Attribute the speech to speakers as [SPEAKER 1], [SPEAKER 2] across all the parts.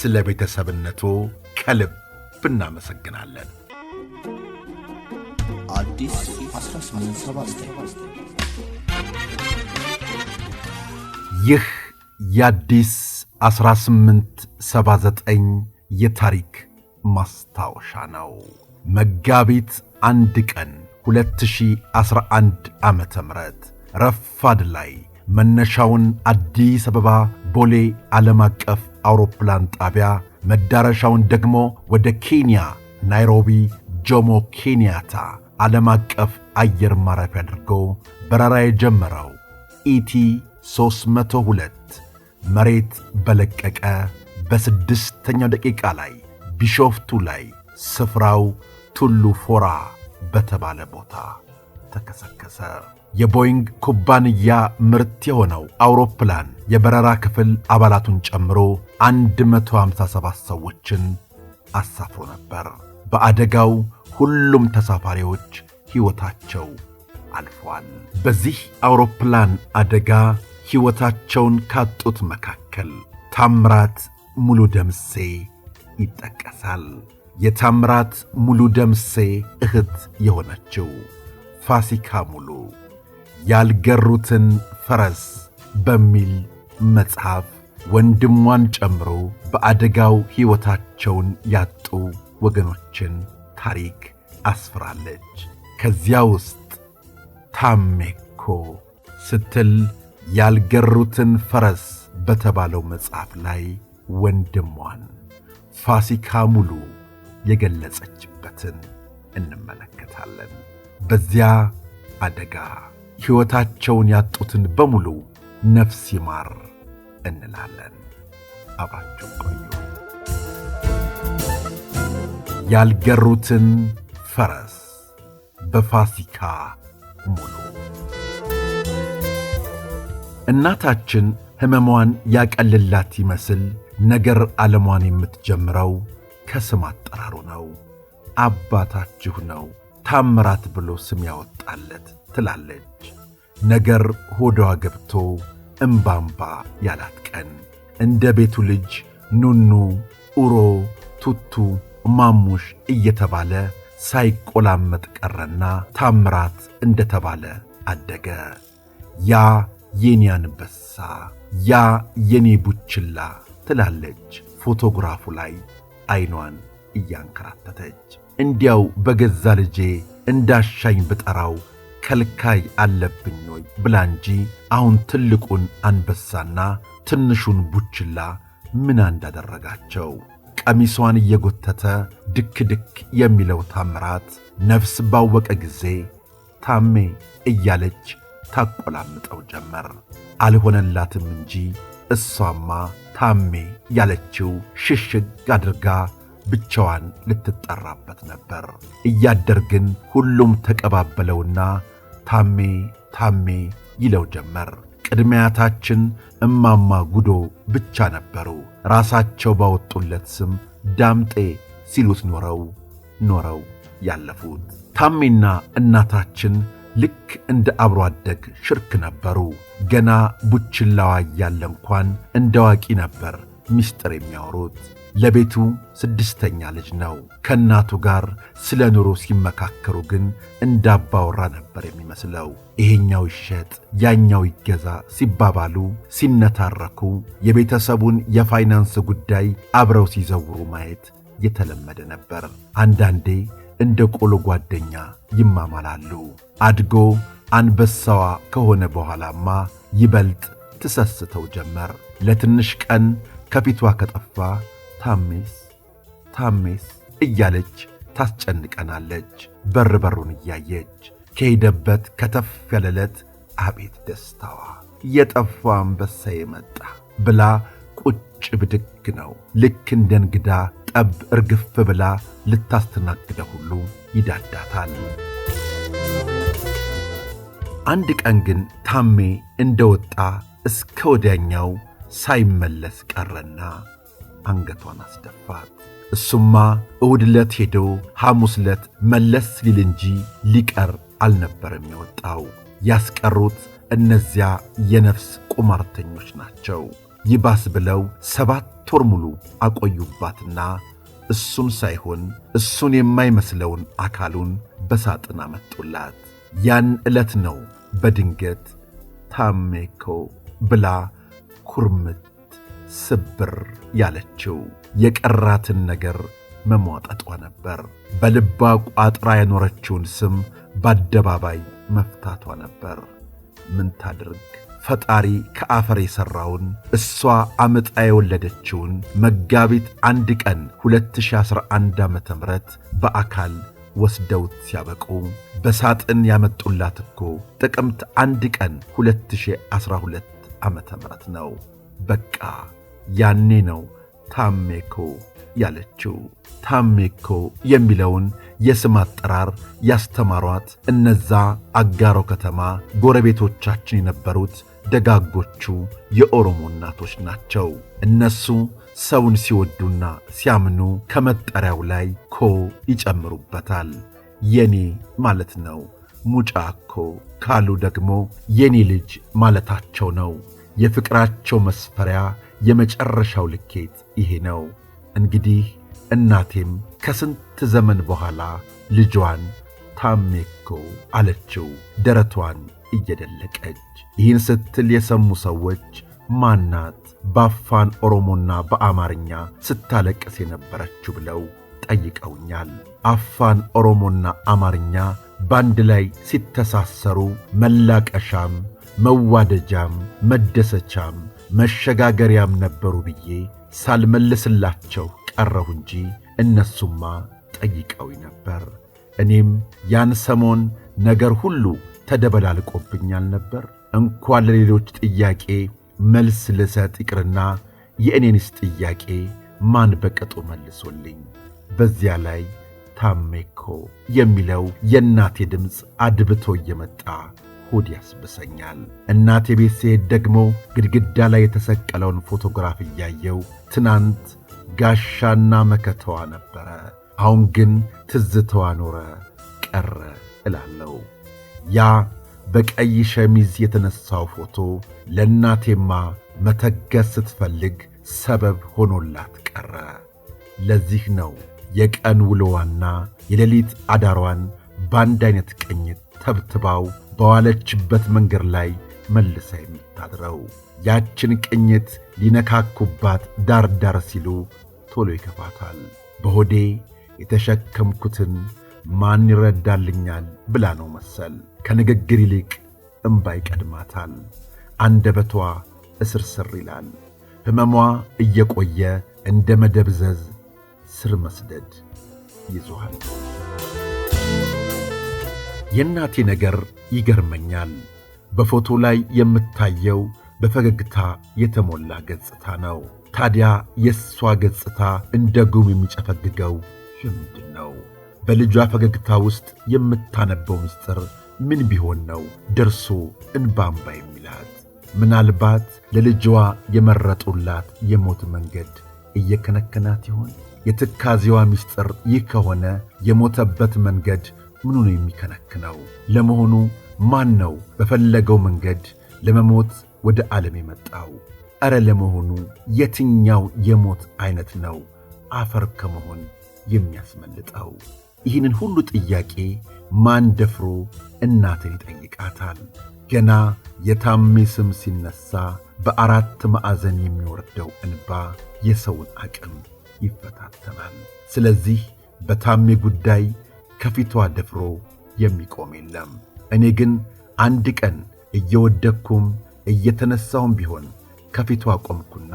[SPEAKER 1] ስለ ቤተሰብነቱ ከልብ እናመሰግናለን። ይህ የአዲስ 1879 የታሪክ ማስታወሻ ነው። መጋቢት አንድ ቀን 2011 ዓ ም ረፋድ ላይ መነሻውን አዲስ አበባ ቦሌ ዓለም አቀፍ አውሮፕላን ጣቢያ መዳረሻውን ደግሞ ወደ ኬንያ ናይሮቢ ጆሞ ኬንያታ ዓለም አቀፍ አየር ማረፊያ አድርጎ በረራ የጀመረው ኢቲ 302 መሬት በለቀቀ በስድስተኛው ደቂቃ ላይ ቢሾፍቱ ላይ ስፍራው ቱሉ ፎራ በተባለ ቦታ ተከሰከሰ። የቦይንግ ኩባንያ ምርት የሆነው አውሮፕላን የበረራ ክፍል አባላቱን ጨምሮ 157 ሰዎችን አሳፍሮ ነበር። በአደጋው ሁሉም ተሳፋሪዎች ሕይወታቸው አልፏል። በዚህ አውሮፕላን አደጋ ሕይወታቸውን ካጡት መካከል ታምራት ሙሉ ደምሴ ይጠቀሳል። የታምራት ሙሉ ደምሴ እህት የሆነችው ፋሲካ ሙሉ ያልገሩትን ፈረስ በሚል መጽሐፍ ወንድሟን ጨምሮ በአደጋው ሕይወታቸውን ያጡ ወገኖችን ታሪክ አስፍራለች። ከዚያ ውስጥ ታሜኮ ስትል ያልገሩትን ፈረስ በተባለው መጽሐፍ ላይ ወንድሟን ፋሲካ ሙሉ የገለጸችበትን እንመለከታለን። በዚያ አደጋ ሕይወታቸውን ያጡትን በሙሉ ነፍስ ይማር እንላለን። አብራችሁ ቆዩ። ያልገሩትን ፈረስ በፋሲካ ሙሉ። እናታችን ሕመሟን ያቀልላት ይመስል ነገር ዓለሟን የምትጀምረው ከስም አጠራሩ ነው። አባታችሁ ነው ታምራት ብሎ ስም ያወጣለት ትላለች። ነገር ሆዷ ገብቶ እምባምባ ያላት ቀን እንደ ቤቱ ልጅ ኑኑ፣ ኡሮ፣ ቱቱ፣ ማሙሽ እየተባለ ሳይቆላመጥ ቀረና ታምራት እንደተባለ አደገ። ያ የኔ አንበሳ፣ ያ የኔ ቡችላ ትላለች ፎቶግራፉ ላይ አይኗን እያንከራተተች። እንዲያው በገዛ ልጄ እንዳሻኝ ብጠራው ከልካይ አለብኝ ወይ ብላ እንጂ አሁን ትልቁን አንበሳና ትንሹን ቡችላ ምን እንዳደረጋቸው ቀሚሷን እየጎተተ ድክ ድክ የሚለው ታምራት ነፍስ ባወቀ ጊዜ ታሜ እያለች ታቆላምጠው ጀመር። አልሆነላትም እንጂ እሷማ ታሜ ያለችው ሽሽግ አድርጋ ብቻዋን ልትጠራበት ነበር። እያደር ግን ሁሉም ተቀባበለውና ታሜ ታሜ ይለው ጀመር። ቅድሚያታችን እማማ ጉዶ ብቻ ነበሩ። ራሳቸው ባወጡለት ስም ዳምጤ ሲሉት ኖረው ኖረው ያለፉት ታሜና እናታችን ልክ እንደ አብሮ አደግ ሽርክ ነበሩ። ገና ቡችላዋ እያለ እንኳን እንደ አዋቂ ነበር ምስጢር የሚያወሩት። ለቤቱ ስድስተኛ ልጅ ነው። ከእናቱ ጋር ስለ ኑሮ ሲመካከሩ ግን እንዳባወራ ነበር የሚመስለው። ይሄኛው ይሸጥ፣ ያኛው ይገዛ ሲባባሉ ሲነታረኩ፣ የቤተሰቡን የፋይናንስ ጉዳይ አብረው ሲዘውሩ ማየት የተለመደ ነበር። አንዳንዴ እንደ ቆሎ ጓደኛ ይማማላሉ። አድጎ አንበሳዋ ከሆነ በኋላማ ይበልጥ ትሰስተው ጀመር። ለትንሽ ቀን ከፊቷ ከጠፋ ታሜስ ታሜስ እያለች ታስጨንቀናለች። በር በሩን እያየች ከሄደበት ከተፍ ያለለት አቤት ደስታዋ የጠፋ አንበሳ የመጣ ብላ ቁጭ ብድግ ነው። ልክ እንደ እንግዳ ጠብ እርግፍ ብላ ልታስተናግደ ሁሉ ይዳዳታል። አንድ ቀን ግን ታሜ እንደወጣ እስከ ወዲያኛው ሳይመለስ ቀረና አንገቷን አስደፋት። እሱማ እሁድ ዕለት ሄዶ ሐሙስ ዕለት መለስ ሊል እንጂ ሊቀር አልነበረም የወጣው። ያስቀሩት እነዚያ የነፍስ ቁማርተኞች ናቸው። ይባስ ብለው ሰባት ወር ሙሉ አቆዩባትና እሱን ሳይሆን እሱን የማይመስለውን አካሉን በሳጥን አመጡላት። ያን ዕለት ነው በድንገት ታሜኮ ብላ ኩርምት ስብር ያለችው የቀራትን ነገር መሟጠጧ ነበር። በልባ ቋጥራ የኖረችውን ስም በአደባባይ መፍታቷ ነበር። ምን ታድርግ? ፈጣሪ ከአፈር የሠራውን እሷ አመጣ የወለደችውን መጋቢት አንድ ቀን 2011 ዓ ም በአካል ወስደውት ሲያበቁ በሳጥን ያመጡላት እኮ ጥቅምት አንድ ቀን 2012 ዓ ም ነው። በቃ ያኔ ነው ታሜኮ ያለችው። ታሜኮ የሚለውን የስም አጠራር ያስተማሯት እነዛ አጋሮ ከተማ ጎረቤቶቻችን የነበሩት ደጋጎቹ የኦሮሞ እናቶች ናቸው። እነሱ ሰውን ሲወዱና ሲያምኑ ከመጠሪያው ላይ ኮ ይጨምሩበታል። የኔ ማለት ነው። ሙጫኮ ካሉ ደግሞ የኔ ልጅ ማለታቸው ነው። የፍቅራቸው መስፈሪያ የመጨረሻው ልኬት ይሄ ነው። እንግዲህ እናቴም ከስንት ዘመን በኋላ ልጇን ታሜ እኮ አለችው ደረቷን እየደለቀች። ይህን ስትል የሰሙ ሰዎች ማናት በአፋን ኦሮሞና በአማርኛ ስታለቅስ የነበረችው ብለው ጠይቀውኛል። አፋን ኦሮሞና አማርኛ በአንድ ላይ ሲተሳሰሩ መላቀሻም፣ መዋደጃም፣ መደሰቻም መሸጋገሪያም ነበሩ ብዬ ሳልመልስላቸው ቀረሁ እንጂ እነሱማ ጠይቀው ነበር። እኔም ያን ሰሞን ነገር ሁሉ ተደበላልቆብኛል ነበር። እንኳን ለሌሎች ጥያቄ መልስ ልሰጥ ይቅርና የእኔንስ ጥያቄ ማን በቅጡ መልሶልኝ። በዚያ ላይ ታሜኮ የሚለው የእናቴ ድምፅ አድብቶ እየመጣ ሆድ ያስብሰኛል። እናቴ ቤት ስሄድ ደግሞ ግድግዳ ላይ የተሰቀለውን ፎቶግራፍ እያየው ትናንት ጋሻና መከተዋ ነበረ፣ አሁን ግን ትዝተዋ ኖረ ቀረ እላለሁ። ያ በቀይ ሸሚዝ የተነሳው ፎቶ ለእናቴማ መተገስ ስትፈልግ ሰበብ ሆኖላት ቀረ። ለዚህ ነው የቀን ውሎዋና የሌሊት አዳሯን በአንድ አይነት ቅኝት ተብትባው በዋለችበት መንገድ ላይ መልሳ የሚታድረው ያችን ቅኝት ሊነካኩባት ዳር ዳር ሲሉ ቶሎ ይከፋታል። በሆዴ የተሸከምኩትን ማን ይረዳልኛል ብላ ነው መሰል። ከንግግር ይልቅ እምባ ይቀድማታል። አንደበቷ እስር ስር ይላል። ሕመሟ እየቆየ እንደ መደብዘዝ ስር መስደድ ይዞሃል። የእናቴ ነገር ይገርመኛል። በፎቶ ላይ የምታየው በፈገግታ የተሞላ ገጽታ ነው። ታዲያ የእሷ ገጽታ እንደ ጉም የሚጨፈግገው ምንድን ነው? በልጇ ፈገግታ ውስጥ የምታነበው ምስጢር ምን ቢሆን ነው ደርሶ እንባምባ የሚላት? ምናልባት ለልጇ የመረጡላት የሞት መንገድ እየከነከናት ይሆን? የትካዜዋ ምስጢር ይህ ከሆነ የሞተበት መንገድ ምኑ ነው የሚከነክነው? ለመሆኑ ማን ነው በፈለገው መንገድ ለመሞት ወደ ዓለም የመጣው? ኧረ ለመሆኑ የትኛው የሞት ዐይነት ነው አፈር ከመሆን የሚያስመልጠው? ይህንን ሁሉ ጥያቄ ማን ደፍሮ እናትን ይጠይቃታል? ገና የታሜ ስም ሲነሳ በአራት ማዕዘን የሚወርደው እንባ የሰውን አቅም ይፈታተናል። ስለዚህ በታሜ ጉዳይ ከፊቷ ደፍሮ የሚቆም የለም። እኔ ግን አንድ ቀን እየወደኩም እየተነሳሁም ቢሆን ከፊቷ ቆምኩና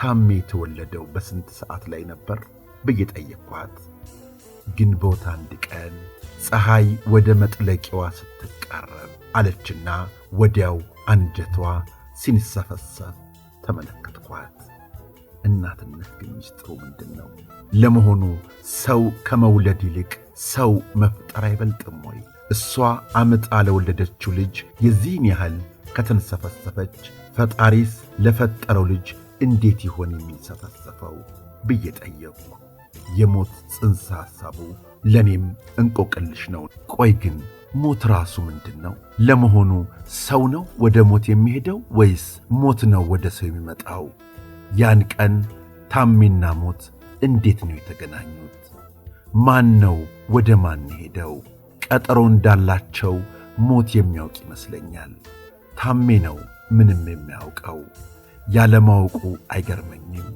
[SPEAKER 1] ታሜ የተወለደው በስንት ሰዓት ላይ ነበር ብዬ ጠየቅኳት። ግንቦት አንድ ቀን ፀሐይ ወደ መጥለቂያዋ ስትቃረብ አለችና ወዲያው አንጀቷ ሲንሰፈሰፍ ተመለከትኳት። እናትነት ግን ሚስጥሩ ምንድን ነው? ለመሆኑ ሰው ከመውለድ ይልቅ ሰው መፍጠር አይበልጥም ወይ? እሷ አምጣ ለወለደችው ልጅ የዚህን ያህል ከተንሰፈሰፈች ፈጣሪስ ለፈጠረው ልጅ እንዴት ይሆን የሚንሰፈሰፈው ብዬ ጠየቁ። የሞት ጽንሰ ሐሳቡ ለእኔም እንቆቅልሽ ነው። ቆይ ግን ሞት ራሱ ምንድን ነው ለመሆኑ? ሰው ነው ወደ ሞት የሚሄደው ወይስ ሞት ነው ወደ ሰው የሚመጣው? ያን ቀን ታሜና ሞት እንዴት ነው የተገናኙት? ማን ነው ወደ ማን ሄደው ቀጠሮ እንዳላቸው ሞት የሚያውቅ ይመስለኛል። ታሜ ነው ምንም የሚያውቀው ያለማወቁ አይገርመኝም።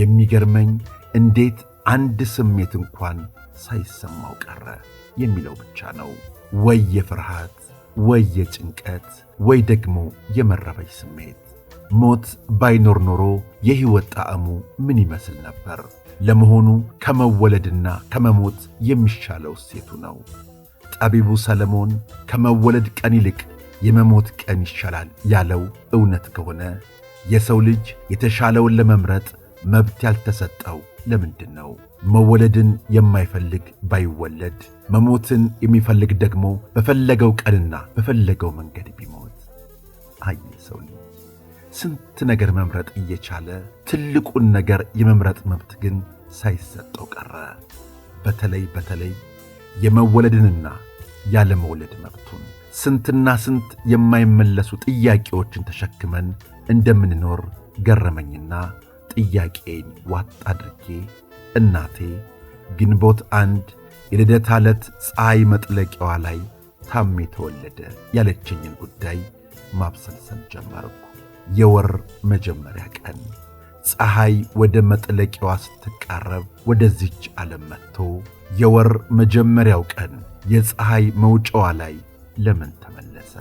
[SPEAKER 1] የሚገርመኝ እንዴት አንድ ስሜት እንኳን ሳይሰማው ቀረ የሚለው ብቻ ነው። ወይ የፍርሃት ወይ የጭንቀት ወይ ደግሞ የመረበሽ ስሜት። ሞት ባይኖር ኖሮ የሕይወት ጣዕሙ ምን ይመስል ነበር? ለመሆኑ ከመወለድና ከመሞት የሚሻለው ሴቱ ነው? ጠቢቡ ሰለሞን ከመወለድ ቀን ይልቅ የመሞት ቀን ይሻላል ያለው እውነት ከሆነ የሰው ልጅ የተሻለውን ለመምረጥ መብት ያልተሰጠው ለምንድን ነው? መወለድን የማይፈልግ ባይወለድ፣ መሞትን የሚፈልግ ደግሞ በፈለገው ቀንና በፈለገው መንገድ ቢሞት አየ ሰው ስንት ነገር መምረጥ እየቻለ ትልቁን ነገር የመምረጥ መብት ግን ሳይሰጠው ቀረ። በተለይ በተለይ የመወለድንና ያለመውለድ መብቱን ስንትና ስንት የማይመለሱ ጥያቄዎችን ተሸክመን እንደምንኖር ገረመኝና ጥያቄን ዋጥ አድርጌ እናቴ ግንቦት አንድ የልደት ዕለት ፀሐይ መጥለቂያዋ ላይ ታሜ ተወለደ ያለችኝን ጉዳይ ማብሰልሰል ጀመርኩ። የወር መጀመሪያ ቀን ፀሐይ ወደ መጥለቂያዋ ስትቃረብ ወደዚች ዓለም መጥቶ የወር መጀመሪያው ቀን የፀሐይ መውጫዋ ላይ ለምን ተመለሰ?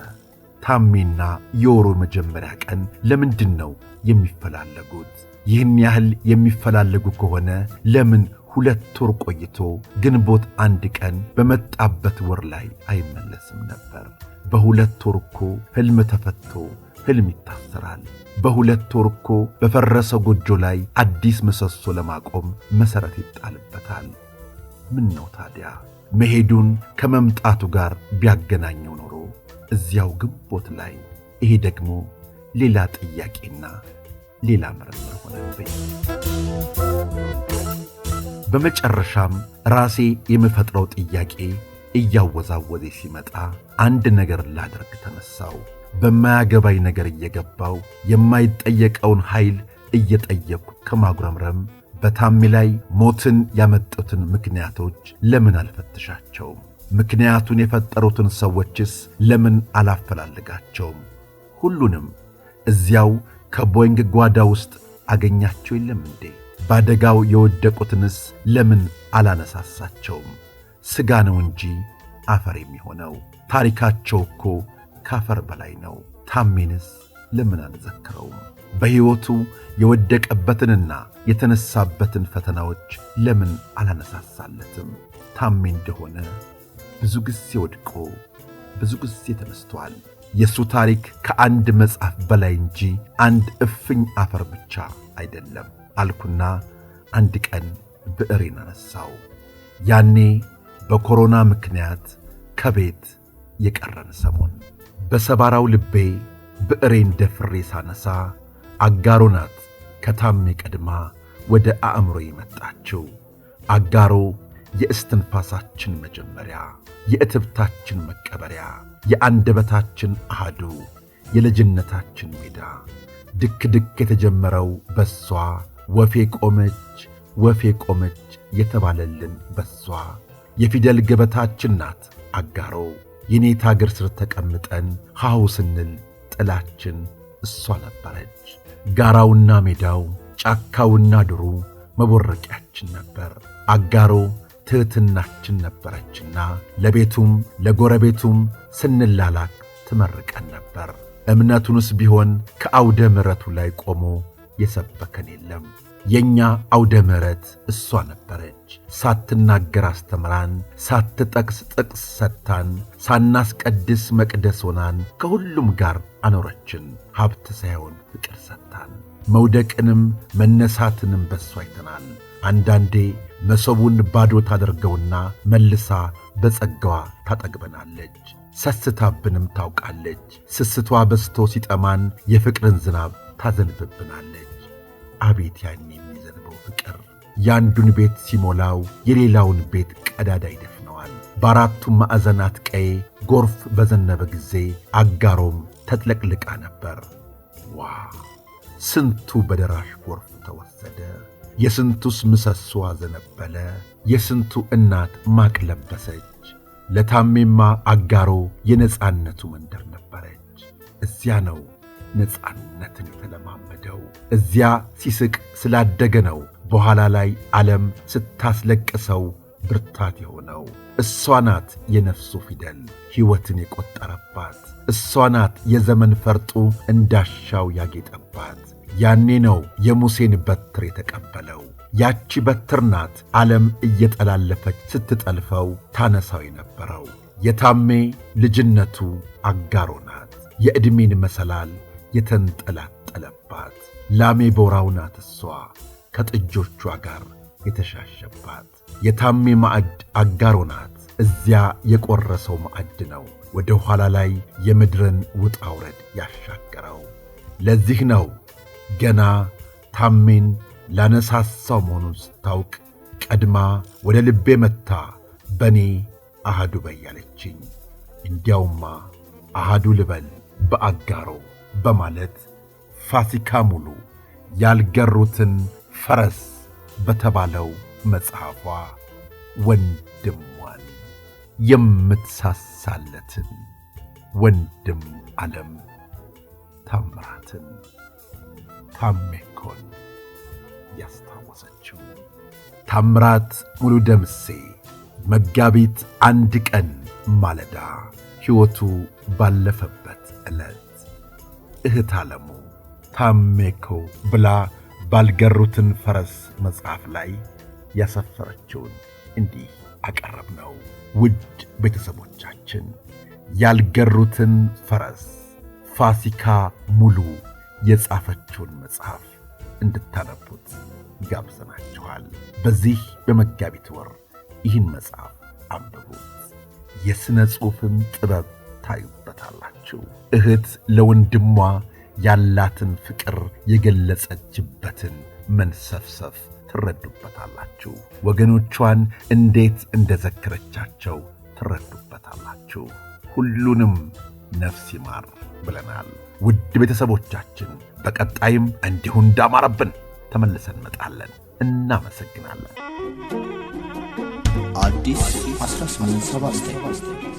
[SPEAKER 1] ታሜና የወሩ መጀመሪያ ቀን ለምንድን ነው የሚፈላለጉት? ይህን ያህል የሚፈላለጉ ከሆነ ለምን ሁለት ወር ቆይቶ ግንቦት አንድ ቀን በመጣበት ወር ላይ አይመለስም ነበር? በሁለት ወር እኮ ሕልም ተፈቶ ህልም ይታሰራል። በሁለት ወር እኮ በፈረሰ ጎጆ ላይ አዲስ ምሰሶ ለማቆም መሠረት ይጣልበታል። ምን ነው ታዲያ መሄዱን ከመምጣቱ ጋር ቢያገናኘው ኖሮ እዚያው ግንቦት ላይ። ይሄ ደግሞ ሌላ ጥያቄና ሌላ ምርምር ሆነብኝ። በመጨረሻም ራሴ የምፈጥረው ጥያቄ እያወዛወዜ ሲመጣ አንድ ነገር ላደርግ ተነሳው። በማያገባኝ ነገር እየገባው የማይጠየቀውን ኃይል እየጠየቅኩ ከማጉረምረም በታሚ ላይ ሞትን ያመጡትን ምክንያቶች ለምን አልፈትሻቸውም? ምክንያቱን የፈጠሩትን ሰዎችስ ለምን አላፈላልጋቸውም? ሁሉንም እዚያው ከቦይንግ ጓዳ ውስጥ አገኛቸው የለም እንዴ? በአደጋው የወደቁትንስ ለምን አላነሳሳቸውም? ሥጋ ነው እንጂ አፈር የሚሆነው ታሪካቸው እኮ ካፈር በላይ ነው። ታሜንስ ለምን አልዘክረውም? በሕይወቱ የወደቀበትንና የተነሳበትን ፈተናዎች ለምን አላነሳሳለትም? ታሜ እንደሆነ ብዙ ጊዜ ወድቆ ብዙ ጊዜ ተነስቷል። የእሱ ታሪክ ከአንድ መጽሐፍ በላይ እንጂ አንድ እፍኝ አፈር ብቻ አይደለም አልኩና አንድ ቀን ብዕሬን አነሳው። ያኔ በኮሮና ምክንያት ከቤት የቀረን ሰሞን በሰባራው ልቤ ብዕሬን ደፍሬ ሳነሳ አጋሮ ናት ከታሜ ቀድማ ወደ አእምሮ የመጣችው። አጋሮ የእስትንፋሳችን መጀመሪያ፣ የእትብታችን መቀበሪያ፣ የአንደበታችን አህዱ የልጅነታችን ሜዳ ድክ ድክ የተጀመረው በሷ ወፌ ቆመች ወፌ ቆመች የተባለልን በሷ የፊደል ገበታችን ናት አጋሮ። የኔታ እግር ስር ተቀምጠን ሐው ስንል ጥላችን እሷ ነበረች። ጋራውና ሜዳው፣ ጫካውና ድሩ መቦረቂያችን ነበር። አጋሮ ትሕትናችን ነበረችና ለቤቱም ለጎረቤቱም ስንላላክ ትመርቀን ነበር። እምነቱንስ ቢሆን ከአውደ ምረቱ ላይ ቆሞ የሰበከን የለም። የእኛ አውደ ምሕረት እሷ ነበረች። ሳትናገር አስተምራን፣ ሳትጠቅስ ጥቅስ ሰጥታን፣ ሳናስቀድስ መቅደስ ሆናን ከሁሉም ጋር አኖረችን። ሀብት ሳይሆን ፍቅር ሰጥታን፣ መውደቅንም መነሳትንም በሷ አይተናል። አንዳንዴ መሶቡን ባዶ ታደርገውና መልሳ በጸጋዋ ታጠግበናለች። ሰስታብንም ታውቃለች። ስስቷ በዝቶ ሲጠማን የፍቅርን ዝናብ ታዘንብብናለች። አቤት ያኔ የአንዱን ቤት ሲሞላው የሌላውን ቤት ቀዳዳ ይደፍነዋል። በአራቱም ማዕዘናት ቀይ ጎርፍ በዘነበ ጊዜ አጋሮም ተጥለቅልቃ ነበር። ዋ ስንቱ በደራሽ ጎርፍ ተወሰደ፣ የስንቱስ ምሰሶ አዘነበለ፣ የስንቱ እናት ማቅ ለበሰች። ለታሜማ አጋሮ የነፃነቱ መንደር ነበረች። እዚያ ነው ነፃነትን የተለማመደው። እዚያ ሲስቅ ስላደገ ነው በኋላ ላይ ዓለም ስታስለቅሰው ብርታት የሆነው እሷ ናት። የነፍሱ ፊደል ሕይወትን የቆጠረባት እሷ ናት። የዘመን ፈርጡ እንዳሻው ያጌጠባት ያኔ ነው የሙሴን በትር የተቀበለው። ያቺ በትር ናት ዓለም እየጠላለፈች ስትጠልፈው ታነሳው የነበረው። የታሜ ልጅነቱ አጋሮ ናት። የዕድሜን መሰላል የተንጠላጠለባት ላሜ ቦራው ናት እሷ ከጥጆቿ ጋር የተሻሸባት የታሜ ማዕድ አጋሮ ናት። እዚያ የቆረሰው ማዕድ ነው ወደ ኋላ ላይ የምድርን ውጣ ውረድ ያሻገረው። ለዚህ ነው ገና ታሜን ላነሳሳው መሆኑን ስታውቅ ቀድማ ወደ ልቤ መታ በእኔ አህዱ በይ ያለችኝ። እንዲያውማ አህዱ ልበል በአጋሮ በማለት ፋሲካ ሙሉ ያልገሩትን ፈረስ በተባለው መጽሐፏ ወንድሟን የምትሳሳለትን ወንድም ዓለም ታምራትን ታሜኮን ያስታወሰችው ታምራት ሙሉ ደምሴ መጋቢት አንድ ቀን ማለዳ ሕይወቱ ባለፈበት ዕለት እህት ዓለሙ ታሜኮ ብላ ባልገሩትን ፈረስ መጽሐፍ ላይ ያሰፈረችውን እንዲህ አቀረብ ነው። ውድ ቤተሰቦቻችን ያልገሩትን ፈረስ ፋሲካ ሙሉ የጻፈችውን መጽሐፍ እንድታነቡት ጋብዘናችኋል። በዚህ በመጋቢት ወር ይህን መጽሐፍ አንብቡት፣ የሥነ ጽሑፍን ጥበብ ታዩበታላችሁ። እህት ለወንድሟ ያላትን ፍቅር የገለጸችበትን መንሰፍሰፍ ትረዱበታላችሁ። ወገኖቿን እንዴት እንደዘከረቻቸው ትረዱበታላችሁ። ሁሉንም ነፍስ ይማር ብለናል። ውድ ቤተሰቦቻችን በቀጣይም እንዲሁ እንዳማረብን ተመልሰን እንመጣለን። እናመሰግናለን። አዲስ 1879